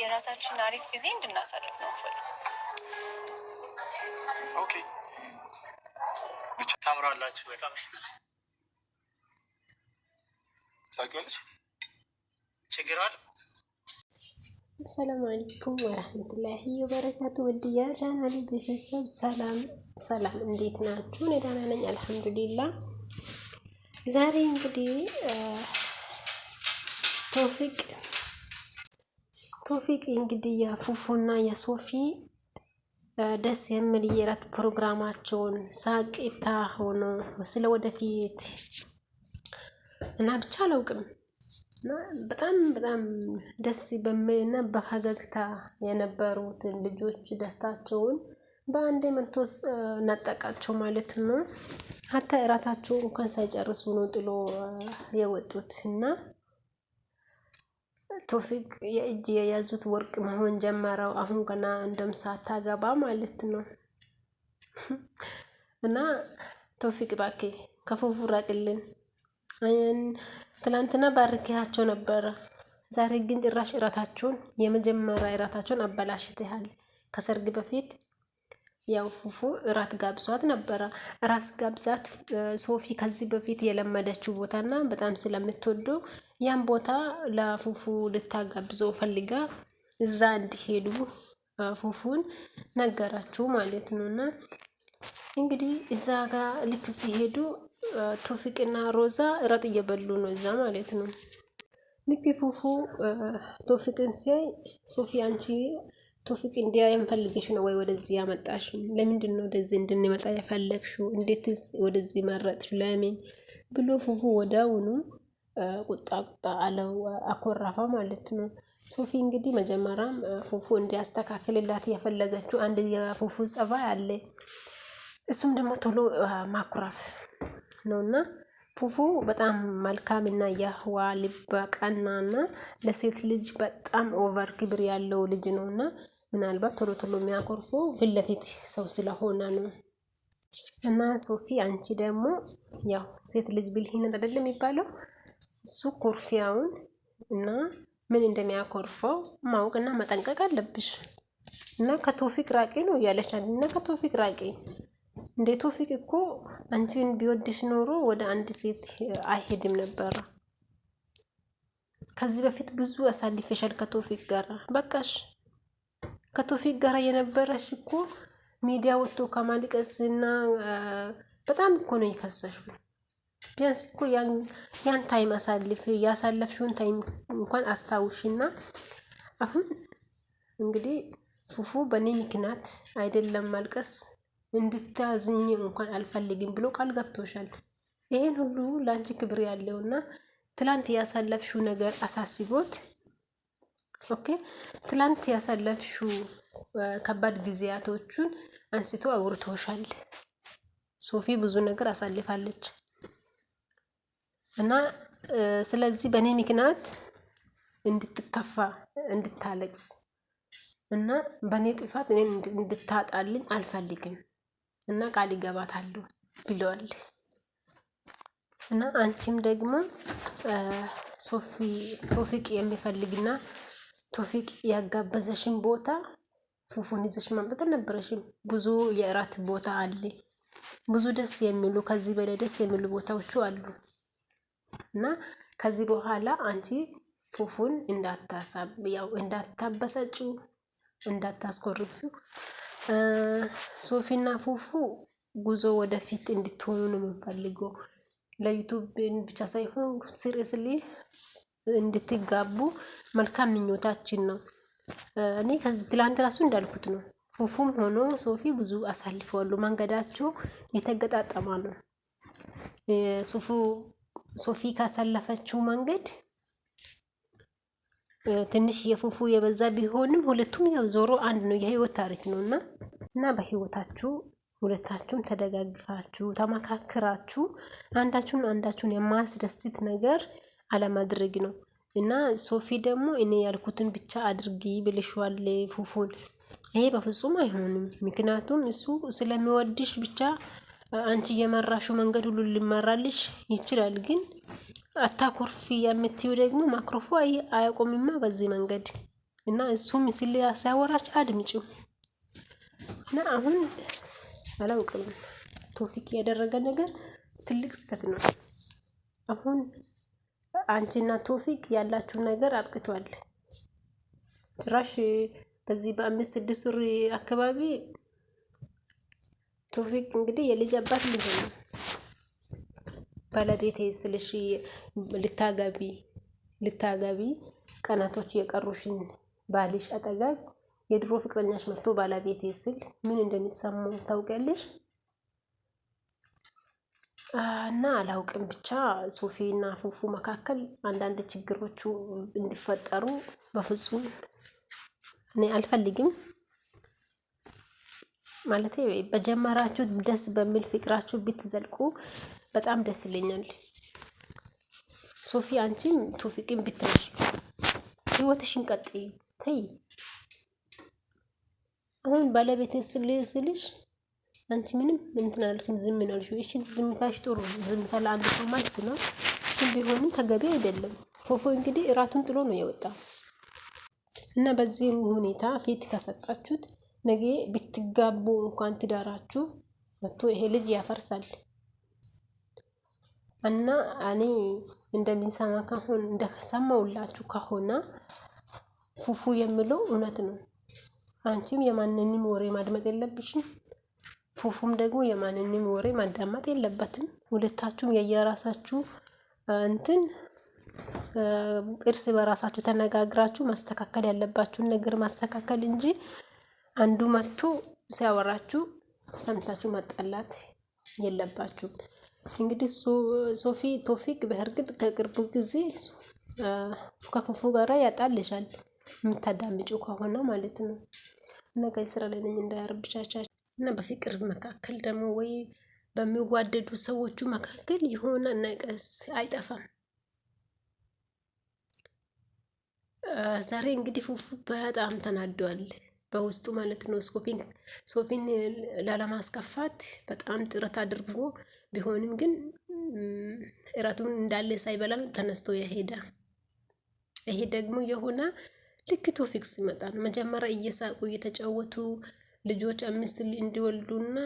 የራሳችን አሪፍ ጊዜ እንድናሳልፍ ነው ፈልጉ። ኦኬ ብቻ ታምራላችሁ በጣም ታውቂዋለሽ። ችግር አለ። አሰላሙ አለይኩም ወረህመቱላሂ ወበረካቱ። ውድ የቻናል ቤተሰብ ሰላም ሰላም፣ እንዴት ናችሁ? እኔ ደህና ነኝ አልሐምዱሊላ። ዛሬ እንግዲህ ተውፊቅ ቶፊቅ እንግዲህ የፉፉና የሶፊ ደስ የሚል የራት ፕሮግራማቸውን ሳቂታ ሆኖ ስለ ወደፊት እና ብቻ አላውቅም በጣም በጣም ደስ በሚልና በፈገግታ የነበሩትን ልጆች ደስታቸውን በአንዴ መቶ ነጠቃቸው ማለት ነው። ሀታ እራታቸው እንኳን ሳይጨርሱ ነው ጥሎ የወጡት እና ቶፊቅ የእጅ የያዙት ወርቅ መሆን ጀመረው። አሁን ገና እንደም ሳታገባ ማለት ነው። እና ቶፊቅ ባኬ ከፉፉ ራቅልን። ትላንትና ባርኪያቸው ነበረ። ዛሬ ግን ጭራሽ እራታቸውን የመጀመሪያ እራታቸውን አበላሽተሃል። ከሰርግ በፊት ያው ፉፉ እራት ጋብዟት ነበረ። እራት ጋብዛት ሶፊ ከዚህ በፊት የለመደችው ቦታና በጣም ስለምትወደው ያን ቦታ ለፉፉ ልታጋብዘው ፈልጋ እዛ እንዲሄዱ ፉፉን ነገራችሁ ማለት ነው። እና እንግዲህ እዛ ጋር ልክ ሲሄዱ ቶፊቅና ሮዛ እራት እየበሉ ነው እዛ ማለት ነው። ልክ ፉፉ ቶፊቅን ሲያይ ሶፊ አንቺ ቶፊቅ እንዲያ የምፈልግሽ ነው ወይ ወደዚህ ያመጣሽ? ለምንድን ነው ወደዚህ እንድንመጣ የፈለግሽው? እንዴትስ ወደዚህ መረጥሽ? ለምን ብሎ ፉፉ ወዳውኑ ቁጣ ቁጣ አለው አኮራፋ ማለት ነው። ሶፊ እንግዲህ መጀመሪያም ፉፉ እንዲያስተካክልላት የፈለገችው አንድ የፉፉ ጸባይ አለ። እሱም ደግሞ ቶሎ ማኩራፍ እና ፉፉ በጣም መልካም እና የህዋ ልበ እና ለሴት ልጅ በጣም ኦቨር ክብር ያለው ልጅ እና ምናልባት ቶሎ ቶሎ የሚያኮርፎ ፊት ለፊት ሰው ስለሆነ ነው። እና ሶፊ አንቺ ደግሞ ያው ሴት ልጅ ብልህነት አይደለም የሚባለው እሱ ኩርፊያውን እና ምን እንደሚያኮርፈው እና መጠንቀቅ አለብሽ። እና ከቶፊቅ ራቂ ነው እያለች እና ከቶፊቅ ራቂ እንደ ቶፊቅ እኮ አንቺን ቢወድሽ ኖሮ ወደ አንድ ሴት አይሄድም ነበረ። ከዚህ በፊት ብዙ አሳልፈሻል ከቶፊቅ ጋር በቃሽ። ከቶፊቅ ጋር የነበረሽ እኮ ሚዲያ ወጥቶ ከማልቀስ እና በጣም እኮ ነው የከሰሽው። ቢያንስ እኮ ያን ታይም አሳልፍ ያሳለፍሽውን ታይም እንኳን አስታውሽና አሁን እንግዲህ ፉፉ በእኔ ምክንያት አይደለም ማልቀስ እንድታዝኝ እንኳን አልፈልግም ብሎ ቃል ገብቶሻል። ይሄን ሁሉ ለአንቺ ክብር ያለውና ትላንት ያሳለፍሽው ነገር አሳስቦት ኦኬ፣ ትላንት ያሳለፍሽው ከባድ ጊዜያቶቹን አንስቶ አውርቶሻል። ሶፊ ብዙ ነገር አሳልፋለች። እና ስለዚህ በእኔ ምክንያት እንድትከፋ እንድታለቅስ እና በእኔ ጥፋት እኔን እንድታጣልኝ አልፈልግም እና ቃል ይገባታለሁ ብለዋል። እና አንቺም ደግሞ ሶፊ ቶፊቅ የሚፈልግና ቶፊቅ ያጋበዘሽን ቦታ ፉፉን ይዘሽ ማምጣት አልነበረሽም። ብዙ የእራት ቦታ አለ። ብዙ ደስ የሚሉ ከዚህ በላይ ደስ የሚሉ ቦታዎቹ አሉ። እና ከዚህ በኋላ አንቺ ፉፉን እንዳታሳብ ያው እንዳታበሰጭው እንዳታስኮርፊው። ሶፊና ፉፉ ጉዞ ወደፊት እንድትሆኑ ነው የምንፈልገው። ለዩቱብ ብቻ ሳይሆን ሲሪየስሊ እንድትጋቡ መልካም ምኞታችን ነው። እኔ ከዚህ ትላንት ራሱ እንዳልኩት ነው። ፉፉም ሆኖ ሶፊ ብዙ አሳልፈዋሉ። መንገዳቸው የተገጣጠማሉ ሱፉ ሶፊ ካሳለፈችው መንገድ ትንሽ የፉፉ የበዛ ቢሆንም ሁለቱም ያው ዞሮ አንድ ነው፣ የህይወት ታሪክ ነው እና እና በህይወታችሁ ሁለታችሁም ተደጋግፋችሁ ተመካክራችሁ አንዳችሁን አንዳችሁን የማያስደስት ነገር አለማድረግ ነው እና ሶፊ ደግሞ እኔ ያልኩትን ብቻ አድርጊ ብልሽዋል ፉፉን። ይሄ በፍጹም አይሆንም። ምክንያቱም እሱ ስለሚወድሽ ብቻ አንቺ እየመራሹ መንገድ ሁሉ ሊመራልሽ ይችላል። ግን አታኮርፊ የምትዩ ደግሞ ማክሮፎ አያቆምማ በዚህ መንገድ እና እሱ ምስል ሲያወራች አድምጪው እና አሁን አላውቅም ቶፊክ ያደረገ ነገር ትልቅ ስህተት ነው። አሁን አንቺና ቶፊክ ያላችሁ ነገር አብቅቷል። ጭራሽ በዚህ በአምስት ስድስት ወር አካባቢ ቶፊቅ እንግዲህ የልጅ አባት ልጅ ነው። ባለቤቴ ስልሽ ልታገቢ ልታገቢ ቀናቶች የቀሩሽን ባልሽ አጠገብ የድሮ ፍቅረኛሽ መጥቶ ባለቤት ስል ምን እንደሚሰማው ታውቂያለሽ? እና አላውቅም ብቻ ሶፊ እና ፉፉ መካከል አንዳንድ ችግሮቹ እንዲፈጠሩ በፍጹም እኔ አልፈልግም። ማለት በጀመራችሁ ደስ በሚል ፍቅራችሁ ብትዘልቁ በጣም ደስ ይለኛል። ሶፊ አንቺም ቶፊቅን ብትሽ ህይወትሽን ቀጥይ ተይ። አሁን ባለቤት ስልሽ አንቺ ምንም እንትን አልክም፣ ዝም ነው ያልሽው። እሺ ዝምታሽ ጥሩ ዝምታ ለአንድ ሰው ማለት ነው፣ ግን ቢሆንም ተገቢ አይደለም። ፎፎ እንግዲህ እራቱን ጥሎ ነው የወጣ እና በዚህ ሁኔታ ፊት ከሰጣችሁት ነገ ብትጋቡ እንኳን ትዳራችሁ መጥቶ ይሄ ልጅ ያፈርሳል እና እኔ እንደሚሰማ ከሆን እንደሰማውላችሁ ከሆነ ፉፉ የሚለው እውነት ነው። አንቺም የማንንም ወሬ ማድመጥ የለብሽም። ፉፉም ደግሞ የማንንም ወሬ ማዳመጥ የለበትም። ሁለታችሁም የየራሳችሁ እንትን እርስ በራሳችሁ ተነጋግራችሁ ማስተካከል ያለባችሁን ነገር ማስተካከል እንጂ አንዱ መጥቶ ሲያወራችሁ ሰምታችሁ መጣላት የለባችሁም። እንግዲህ ሶፊ ቶፊቅ በእርግጥ ከቅርቡ ጊዜ ከክፉ ጋራ ያጣልሻል የምታዳምጪው ከሆነ ማለት ነው። እና ከዚህ ስራ ላይ ነኝ እንዳያረብሻቻችሁ እና በፍቅር መካከል ደግሞ ወይ በሚዋደዱ ሰዎቹ መካከል የሆነ ነቀስ አይጠፋም። ዛሬ እንግዲህ ፉፉ በጣም ተናዷል። በውስጡ ማለት ነው። ሶፊን ሶፊን ላለማስከፋት በጣም ጥረት አድርጎ ቢሆንም ግን እራቱን እንዳለ ሳይበላ ተነስቶ የሄደ ይሄ ደግሞ የሆነ ልክ ቶፊክ ሲመጣ ነው። መጀመሪያ እየሳቁ እየተጫወቱ ልጆች አምስት እንዲወልዱና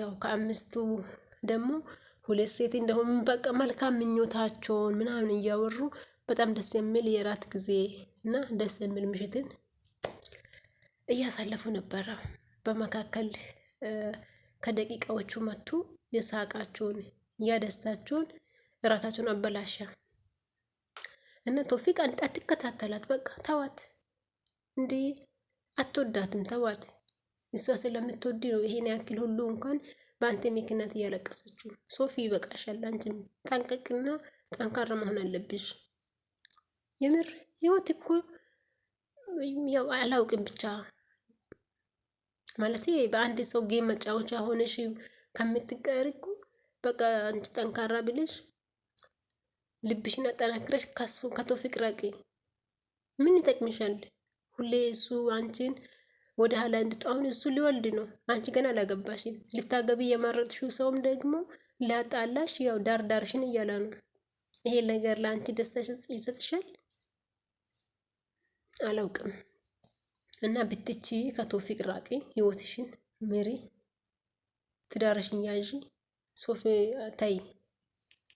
ያው ከአምስቱ ደግሞ ሁለት ሴት እንደሆኑ በቃ መልካም ምኞታቸውን ምናምን እያወሩ በጣም ደስ የሚል የራት ጊዜ እና ደስ የሚል ምሽትን እያሳለፉ ነበረ። በመካከል ከደቂቃዎቹ መጥቶ የሳቃቸውን ያደስታቸውን እራታቸውን አበላሻ እና ቶፊቅ አትከታተላት፣ በቃ ተዋት፣ እንዲ አትወዳትም፣ ተዋት። እሷ ስለምትወድ ነው ይሄን ያክል ሁሉ እንኳን በአንተ ምክንያት እያለቀሰችው። ሶፊ ይበቃሻል፣ አንቺም ጠንቀቅና ጠንካራ መሆን አለብሽ። የምር ህይወት እኮ ያው አላውቅም ብቻ ማለት በአንድ ሰው ጌም መጫወቻ ሆነሽ ከምትቀሪ እኮ በቃ አንቺ ጠንካራ ብለሽ ልብሽን አጠናክረሽ ከሱ ከቶፊቅ ራቂ። ምን ይጠቅምሻል? ሁሌ እሱ አንቺን ወደ ኋላ እንድጡ። አሁን እሱ ሊወልድ ነው፣ አንቺ ገና አላገባሽም። ልታገቢ የመረጥሽው ሰውም ደግሞ ሊያጣላሽ ያው ዳርዳርሽን እያለ ነው። ይሄ ነገር ለአንቺ ደስታ ይሰጥሻል? አላውቅም። እና ብትቺ ከቶፊቅ ራቂ፣ ህይወትሽን ምሪ፣ ትዳርሽን ያዥ፣ ሶፊ ታይ